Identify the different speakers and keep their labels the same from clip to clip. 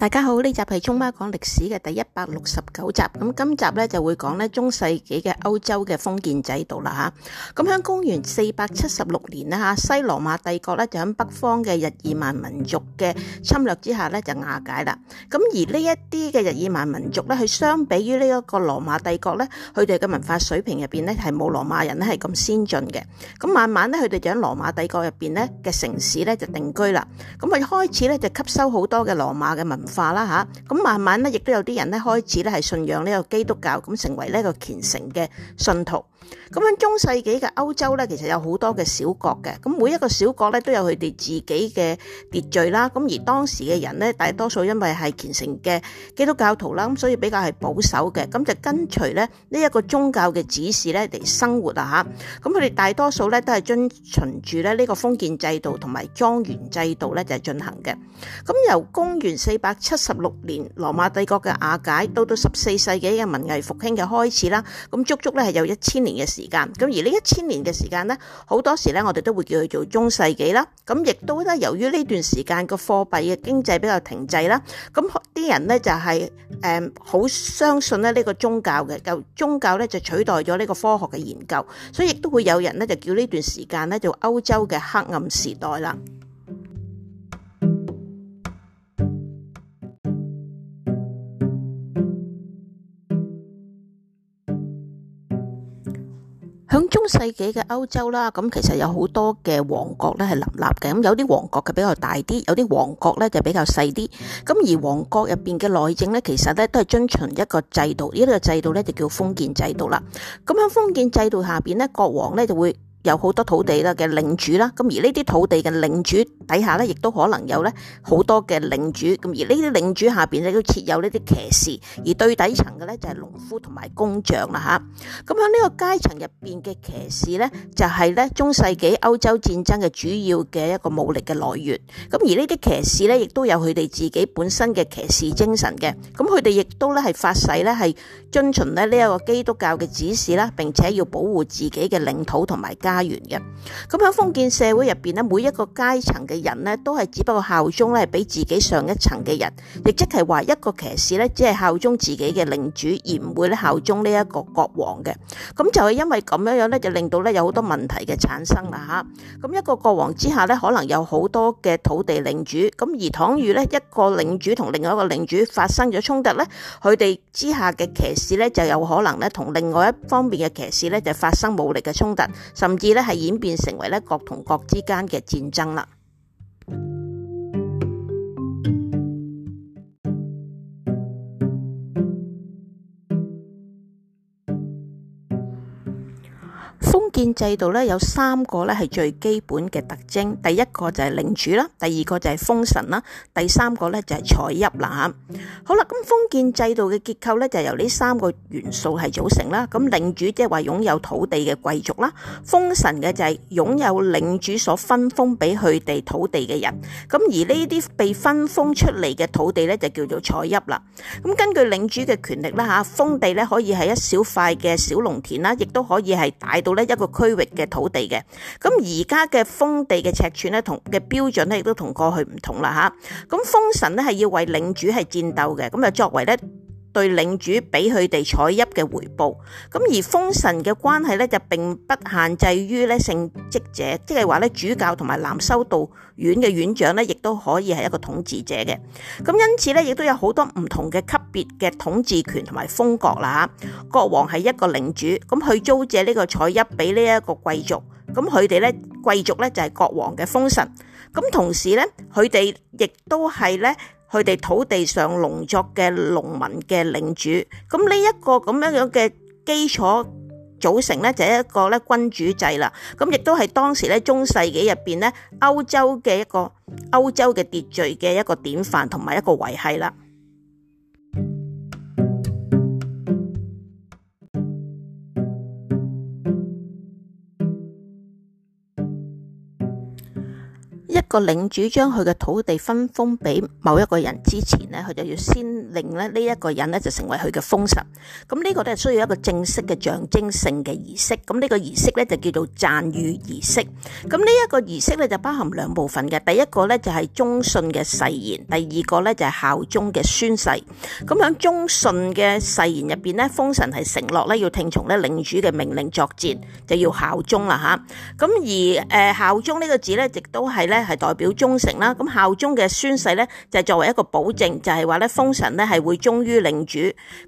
Speaker 1: 大家好，呢集係聰媽講歷史嘅第一百六十九集，咁今集咧就會講咧中世紀嘅歐洲嘅封建制度啦吓，咁響公元四百七十六年啦吓，西羅馬帝國咧就響北方嘅日耳曼民族嘅侵略之下咧就瓦解啦，咁而呢一啲嘅日耳曼民族咧，佢相比於呢一個羅馬帝國咧，佢哋嘅文化水平入邊咧係冇羅馬人咧係咁先進嘅，咁慢慢咧佢哋就喺羅馬帝國入邊咧嘅城市咧就定居啦，咁佢開始咧就吸收好多嘅羅馬嘅文。化啦嚇，咁慢慢咧，亦都有啲人咧開始咧係信仰呢個基督教，咁成為呢個虔誠嘅信徒。咁喺中世紀嘅歐洲咧，其實有好多嘅小國嘅，咁每一個小國咧都有佢哋自己嘅秩序啦。咁而當時嘅人咧，大多數因為係虔誠嘅基督教徒啦，咁所以比較係保守嘅，咁就跟隨咧呢一個宗教嘅指示咧嚟生活啦吓，咁佢哋大多數咧都係遵循住咧呢個封建制度同埋莊園制度咧就係進行嘅。咁由公元四百七十六年羅馬帝國嘅瓦解，到到十四世紀嘅文藝復興嘅開始啦，咁足足咧係有一千年嘅時間。咁而呢一千年嘅時間咧，好多時咧我哋都會叫佢做中世紀啦。咁亦都咧，由於呢段時間個貨幣嘅經濟比較停滯啦，咁啲人咧就係誒好相信咧呢個宗教嘅，就宗教咧就取代咗呢個科學嘅研究，所以亦都會有人咧就叫呢段時間咧做歐洲嘅黑暗時代啦。喺中世紀嘅歐洲啦，咁其實有好多嘅王國咧係林立嘅，咁有啲王國嘅比較大啲，有啲王國咧就比較細啲。咁而王國入邊嘅內政咧，其實咧都係遵循一個制度，呢個制度咧就叫封建制度啦。咁喺封建制度下邊咧，國王咧就會。有好多土地啦嘅領主啦，咁而呢啲土地嘅領主底下咧，亦都可能有咧好多嘅領主，咁而呢啲領主下邊咧都設有呢啲騎士，而最底層嘅咧就係農夫同埋工匠啦吓。咁喺呢個階層入邊嘅騎士咧，就係咧中世紀歐洲戰爭嘅主要嘅一個武力嘅來源。咁而呢啲騎士咧，亦都有佢哋自己本身嘅騎士精神嘅，咁佢哋亦都咧係發誓咧係遵循咧呢一個基督教嘅指示啦，並且要保護自己嘅領土同埋家園嘅，咁喺封建社會入邊咧，每一個階層嘅人呢，都係只不過效忠咧，係俾自己上一層嘅人，亦即係話一個騎士咧，只係效忠自己嘅領主，而唔會咧效忠呢一個國王嘅。咁就係因為咁樣樣咧，就令到咧有好多問題嘅產生啦吓。咁一個國王之下咧，可能有好多嘅土地領主，咁而倘若呢一個領主同另外一個領主發生咗衝突咧，佢哋之下嘅騎士咧，就有可能咧同另外一方面嘅騎士咧，就發生武力嘅衝突，甚至咧，係演變成為咧國同國之間嘅戰爭啦。封建制度咧，有三個咧，係最基本嘅特徵，第一個就係領主啦，第二個就係封臣啦，第三個咧就係采邑啦。好啦，咁封建制度嘅結構咧就由呢三個元素係組成啦。咁領主即係話擁有土地嘅貴族啦，封臣嘅就係擁有領主所分封俾佢哋土地嘅人。咁而呢啲被分封出嚟嘅土地咧就叫做采邑啦。咁根據領主嘅權力啦，吓封地咧可以係一小塊嘅小農田啦，亦都可以係大到咧一個區域嘅土地嘅，咁而家嘅封地嘅尺寸咧，同嘅標準咧，亦都同過去唔同啦吓。咁封神咧係要為領主係戰鬥嘅，咁啊作為咧。對領主俾佢哋采邑嘅回報，咁而封臣嘅關係咧就並不限制於咧聖職者，即係話咧主教同埋南修道院嘅院長咧，亦都可以係一個統治者嘅。咁因此咧，亦都有好多唔同嘅級別嘅統治權同埋封國啦吓。國王係一個領主，咁佢租借呢個采邑俾呢一個貴族，咁佢哋咧貴族咧就係國王嘅封臣。咁同時咧佢哋亦都係咧。佢哋土地上農作嘅農民嘅領主，咁呢一個咁樣樣嘅基礎組成咧，就係一個咧君主制啦。咁亦都係當時咧中世紀入面咧歐洲嘅一個歐洲嘅秩序嘅一個典範同埋一個維繫啦。個領主將佢嘅土地分封俾某一個人之前呢，佢就要先令咧呢一個人呢就成為佢嘅封臣。咁、這、呢個都係需要一個正式嘅象徵性嘅儀式。咁、這、呢個儀式呢就叫做讚遇儀式。咁呢一個儀式呢就包含兩部分嘅。第一個呢就係忠信嘅誓言，第二個呢就係效忠嘅宣誓。咁響忠信嘅誓言入邊呢，封臣係承諾呢要聽從呢領主嘅命令作戰，就要效忠啦吓。咁而誒效忠呢個字呢，亦都係呢。係。代表忠誠啦，咁效忠嘅宣誓咧就係作為一個保證，就係話咧封臣咧係會忠於領主。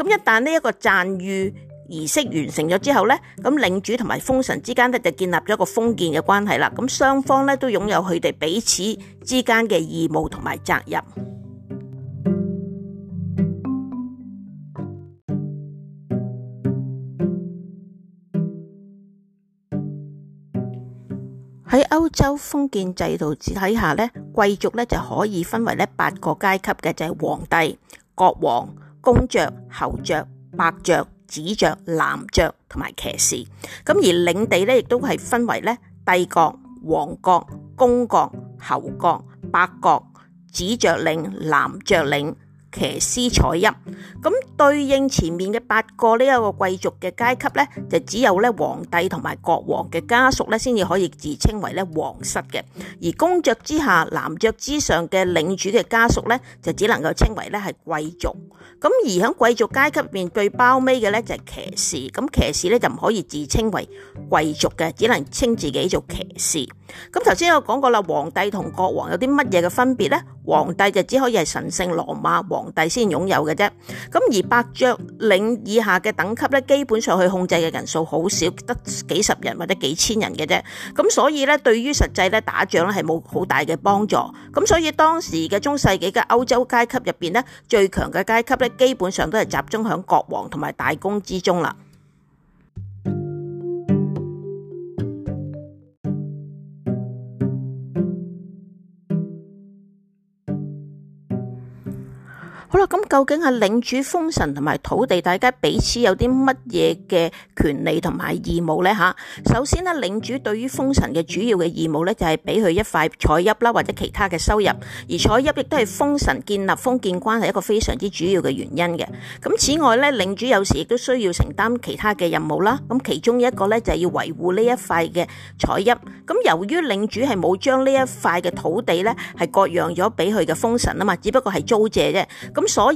Speaker 1: 咁一旦呢一個讚譽儀式完成咗之後咧，咁領主同埋封臣之間咧就建立咗一個封建嘅關係啦。咁雙方咧都擁有佢哋彼此之間嘅義務同埋責任。喺歐洲封建制度之底下，貴族就可以分為八個階級嘅，就係皇帝、國王、公爵、侯爵、伯爵、子爵、男爵同埋騎士。而領地也亦都係分為咧帝國、王國、公國、侯國、伯國、子爵領、男爵領。騎士采邑，咁對應前面嘅八個呢一個貴族嘅階級呢，就只有呢皇帝同埋國王嘅家屬咧，先至可以自稱為呢皇室嘅。而公爵之下、男爵之上嘅領主嘅家屬呢，就只能夠稱為呢係貴族。咁而喺貴族階級面最包尾嘅呢，就係騎士。咁騎士呢，就唔可以自稱為貴族嘅，只能稱自己做騎士。咁頭先我講過啦，皇帝同國王有啲乜嘢嘅分別呢？皇帝就只可以係神聖羅馬皇帝先擁有嘅啫，咁而伯爵領以下嘅等級咧，基本上去控制嘅人數好少，得幾十人或者幾千人嘅啫，咁所以咧，對於實際咧打仗咧係冇好大嘅幫助，咁所以當時嘅中世紀嘅歐洲階級入邊咧，最強嘅階級咧，基本上都係集中響國王同埋大公之中啦。究竟係領主封臣同埋土地，大家彼此有啲乜嘢嘅權利同埋義務呢？吓，首先呢領主對於封臣嘅主要嘅義務呢，就係俾佢一塊采邑啦，或者其他嘅收入。而采邑亦都係封臣建立封建關係一個非常之主要嘅原因嘅。咁此外呢領主有時亦都需要承擔其他嘅任務啦。咁其中一個呢，就係要維護呢一塊嘅采邑。咁由於領主係冇將呢一塊嘅土地呢，係割讓咗俾佢嘅封臣啊嘛，只不過係租借啫。咁所以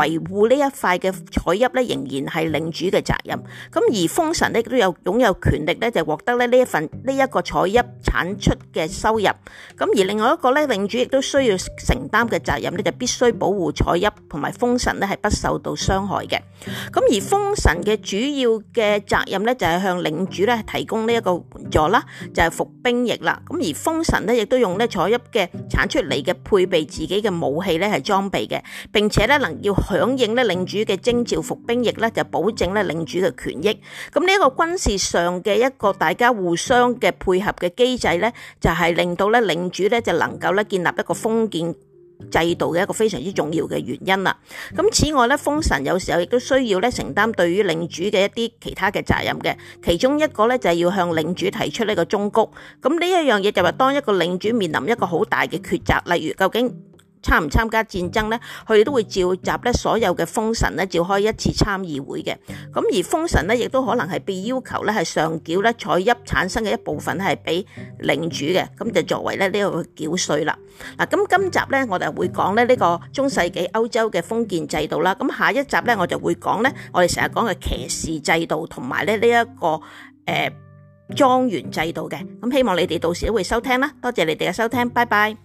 Speaker 1: 維護呢一塊嘅采邑咧，仍然係領主嘅責任。咁而封臣呢，都有擁有權力咧，就獲得呢一份呢一個采邑產出嘅收入。咁而另外一個咧，領主亦都需要承擔嘅責任咧，就必須保護采邑同埋封臣咧係不受到傷害嘅。咁而封臣嘅主要嘅責任咧，就係向領主咧提供呢一個援助啦，就係、是、服兵役啦。咁而封臣呢，亦都用呢采邑嘅產出嚟嘅配備自己嘅武器咧係裝備嘅，並且咧能要。響應咧領主嘅徵召服兵役咧，就保證咧領主嘅權益。咁呢一個軍事上嘅一個大家互相嘅配合嘅機製咧，就係、是、令到咧領主咧就能夠咧建立一個封建制度嘅一個非常之重要嘅原因啦。咁此外咧，封臣有時候亦都需要咧承擔對於領主嘅一啲其他嘅責任嘅。其中一個咧就係要向領主提出呢個忠告。咁呢一樣嘢就係當一個領主面臨一個好大嘅抉擇，例如究竟。參唔參加戰爭呢？佢哋都會召集咧所有嘅封臣，咧召開一次參議會嘅。咁而封臣呢，亦都可能係被要求咧係上繳咧采邑產生嘅一部分係俾領主嘅，咁就作為咧呢個繳稅啦。嗱，咁今集呢，我哋會講呢呢個中世紀歐洲嘅封建制度啦。咁下一集呢，我就會講呢，我哋成日講嘅騎士制度同埋咧呢一個誒莊園制度嘅。咁希望你哋到時都會收聽啦，多謝你哋嘅收聽，拜拜。